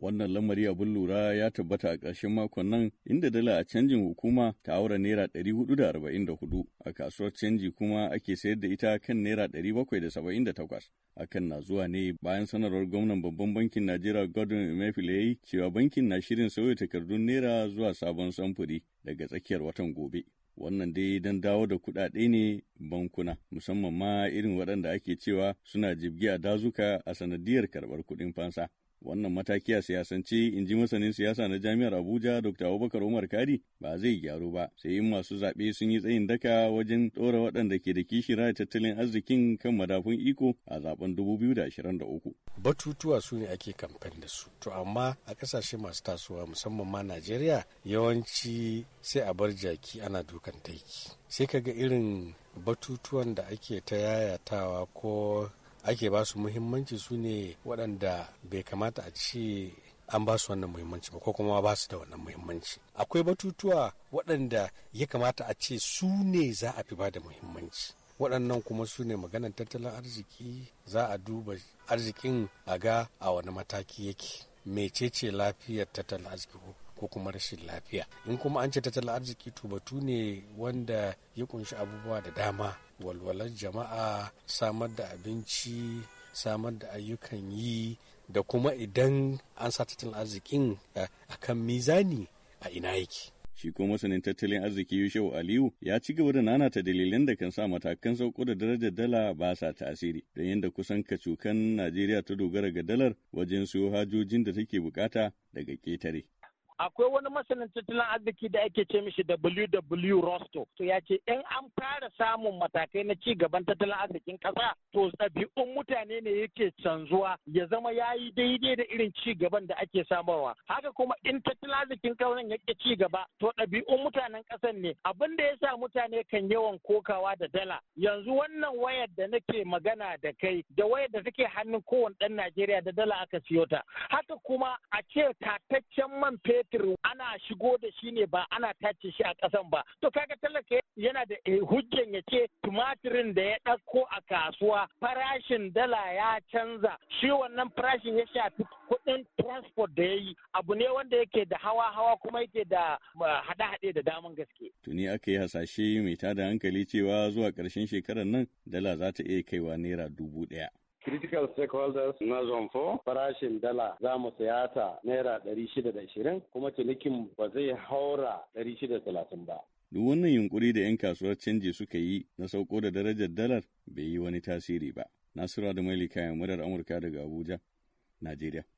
Wannan lamari abin lura ya tabbata a ƙarshen makon nan inda dala a canjin hukuma ta aura naira 444 a kasuwar canji kuma ake sayar da ita kan naira 778. akan na zuwa ne bayan sanarwar gwamnan babban bankin Najeriya gordon Emefiele ya yi cewa bankin na shirin sauya takardun naira zuwa sabon samfuri daga tsakiyar watan gobe. wannan dai don dawo da kuɗaɗe ne bankuna musamman ma irin waɗanda ake cewa suna jibgi a dazuka a sanadiyar karɓar kuɗin fansa Wannan mataki a siyasance, in ji masanin siyasa na Jami'ar Abuja Dr. Abubakar Umar Kari ba zai gyaru ba, sai in masu zaɓe sun yi tsayin daka wajen ɗora waɗanda ke da kishira tattalin arzikin kan madafun iko a zaben 2023. Batutuwa su ne ake kamfen da su, to amma a ƙasashe masu tasowa musamman ma Najeriya yawanci sai a bar jaki ana dukan taiki. Sai ka ga irin batutuwan da ake ta yayatawa ko ake ba su muhimmanci su ne waɗanda bai kamata a ce an ba su wannan muhimmanci ba ko kuma ba su da wannan muhimmanci akwai batutuwa waɗanda ya kamata a ce su ne za a fi ba da muhimmanci waɗannan kuma su ne maganar tattalin arziki za a duba arzikin a ga a wani mataki yake mecece lafiyar tattalin arziki ko kuma rashin lafiya in kuma an ce tattalin arziki to batu ne wanda ya kunshi abubuwa da dama walwalar jama'a samar da abinci samar da ayyukan yi da kuma idan an sa tattalin arzikin eh, a kan mizani a ina yake shi kuma masanin tattalin arziki Yushewu Aliyu ya ci gaba da nanata dalilan da kan sa matakan sauko da darajar dala ba sa tasiri don yadda kusan kacukan Najeriya ta dogara ga dalar wajen siyo hajojin da take bukata daga ketare. akwai wani masanin tattalin arziki da ake ce mishi WW Rosto to ya ce in an fara samun matakai na ci gaban tattalin arzikin kasa to ɗabi'un mutane ne yake canzuwa ya zama ya yi daidai da irin ci gaban da ake samarwa haka kuma in tattalin arzikin ƙasar ya ke ci gaba to ɗabi'un mutanen ƙasar ne abin da ya sa mutane kan yawan kokawa da dala yanzu wannan wayar da nake magana da kai da wayar da take hannun kowane ɗan Najeriya da dala aka siyo ta haka kuma a ce tataccen man fetur fetur ana shigo da shi ne ba ana tace shi a ƙasan ba to kaga talaka yana da eh, hujjan ya ce tumatirin da ya ɗauko a kasuwa farashin dala ya canza shi wannan farashin ya shafi kuɗin transport da ya yi abu ne wanda yake da hawa-hawa kuma yake da haɗe hade da daman gaske. Tuni aka yi hasashe mai tada hankali cewa zuwa karshen shekarar nan dala za ta iya kaiwa naira dubu ɗaya. Critical stakeholders na zonfo farashin dala za mu saya naira ɗari shida da shirin, kuma cinikin ba zai haura ɗari shida talatin ba. Duk wannan yunkuri da 'yan kasuwar canji suka yi na sauko da darajar dalar bai yi wani tasiri ba. Nasiru da Maili kayan murar Amurka daga Abuja, Najeriya.